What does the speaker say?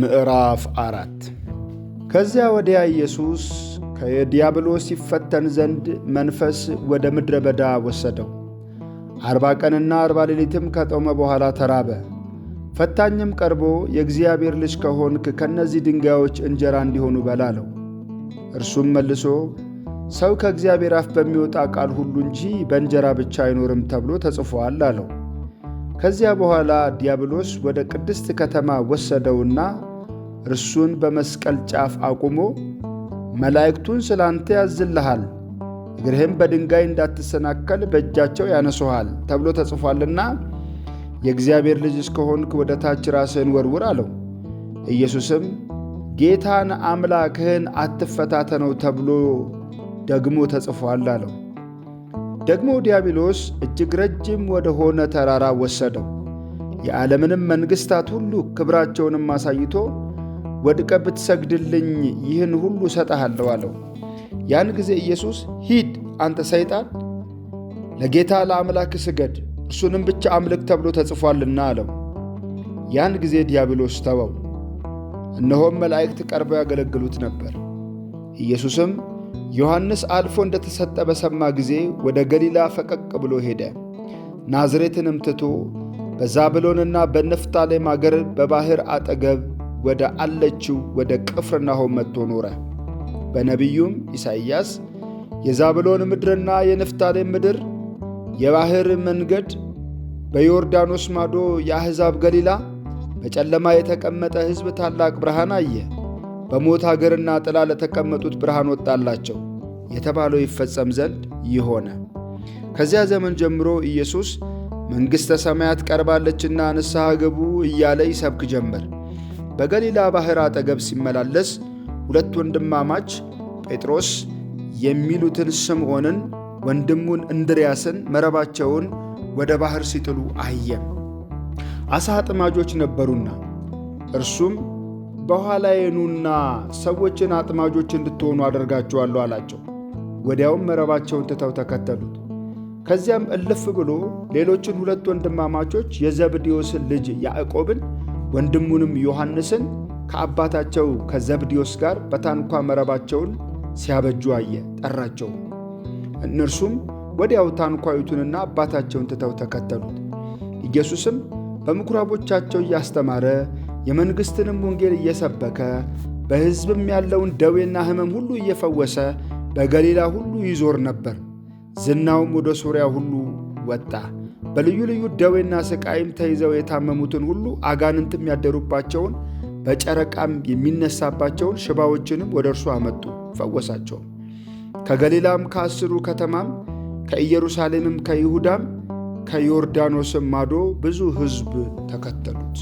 ምዕራፍ አራት ከዚያ ወዲያ ኢየሱስ ከዲያብሎስ ይፈተን ዘንድ መንፈስ ወደ ምድረ በዳ ወሰደው። አርባ ቀንና አርባ ሌሊትም ከጦመ በኋላ ተራበ። ፈታኝም ቀርቦ የእግዚአብሔር ልጅ ከሆንክ ከእነዚህ ድንጋዮች እንጀራ እንዲሆኑ በላለው። አለው። እርሱም መልሶ ሰው ከእግዚአብሔር አፍ በሚወጣ ቃል ሁሉ እንጂ በእንጀራ ብቻ አይኖርም ተብሎ ተጽፎአል አለው። ከዚያ በኋላ ዲያብሎስ ወደ ቅድስት ከተማ ወሰደውና እርሱን በመስቀል ጫፍ አቁሞ መላእክቱን ስላንተ ያዝልሃል፣ እግርህም በድንጋይ እንዳትሰናከል በእጃቸው ያነሱሃል ተብሎ ተጽፏልና የእግዚአብሔር ልጅ እስከሆንክ ወደ ታች ራስህን ወርውር አለው። ኢየሱስም ጌታን አምላክህን አትፈታተነው ተብሎ ደግሞ ተጽፏል አለው። ደግሞ ዲያብሎስ እጅግ ረጅም ወደ ሆነ ተራራ ወሰደው። የዓለምንም መንግሥታት ሁሉ ክብራቸውንም አሳይቶ ወድቀ ብትሰግድልኝ ይህን ሁሉ እሰጥሃለሁ አለው። ያን ጊዜ ኢየሱስ ሂድ አንተ ሰይጣን፣ ለጌታ ለአምላክ ስገድ እርሱንም ብቻ አምልክ ተብሎ ተጽፏልና አለው። ያን ጊዜ ዲያብሎስ ተወው። እነሆም መላእክት ቀርበው ያገለግሉት ነበር። ኢየሱስም ዮሐንስ አልፎ እንደተሰጠ በሰማ ጊዜ ወደ ገሊላ ፈቀቅ ብሎ ሄደ። ናዝሬትንም ትቶ በዛብሎንና በነፍታሌም አገር በባሕር አጠገብ ወደ አለችው ወደ ቅፍርናሆም መጥቶ ኖረ። በነቢዩም ኢሳይያስ የዛብሎን ምድርና የነፍታሌም ምድር የባሕር መንገድ በዮርዳኖስ ማዶ የአሕዛብ ገሊላ በጨለማ የተቀመጠ ሕዝብ ታላቅ ብርሃን አየ በሞት ሀገርና ጥላ ለተቀመጡት ብርሃን ወጣላቸው የተባለው ይፈጸም ዘንድ ይሆነ። ከዚያ ዘመን ጀምሮ ኢየሱስ መንግሥተ ሰማያት ቀርባለችና ንስሐ ግቡ እያለ ይሰብክ ጀመር። በገሊላ ባሕር አጠገብ ሲመላለስ ሁለት ወንድማማች ጴጥሮስ የሚሉትን ስምዖንን ወንድሙን እንድርያስን መረባቸውን ወደ ባሕር ሲጥሉ አየም። አሳ አጥማጆች ነበሩና እርሱም በኋላ የኑና ሰዎችን አጥማጆች እንድትሆኑ አደርጋችኋለሁ አላቸው። ወዲያውም መረባቸውን ትተው ተከተሉት። ከዚያም እልፍ ብሎ ሌሎችን ሁለት ወንድማማቾች የዘብዴዎስን ልጅ ያዕቆብን ወንድሙንም ዮሐንስን ከአባታቸው ከዘብዴዎስ ጋር በታንኳ መረባቸውን ሲያበጁ አየ። ጠራቸው። እነርሱም ወዲያው ታንኳይቱንና አባታቸውን ትተው ተከተሉት። ኢየሱስም በምኵራቦቻቸው እያስተማረ የመንግሥትንም ወንጌል እየሰበከ በሕዝብም ያለውን ደዌና ሕመም ሁሉ እየፈወሰ በገሊላ ሁሉ ይዞር ነበር። ዝናውም ወደ ሶርያ ሁሉ ወጣ። በልዩ ልዩ ደዌና ሥቃይም ተይዘው የታመሙትን ሁሉ አጋንንትም ያደሩባቸውን በጨረቃም የሚነሳባቸውን ሽባዎችንም ወደ እርሱ አመጡ፣ ፈወሳቸው። ከገሊላም ከአስሩ ከተማም ከኢየሩሳሌምም ከይሁዳም ከዮርዳኖስም ማዶ ብዙ ሕዝብ ተከተሉት።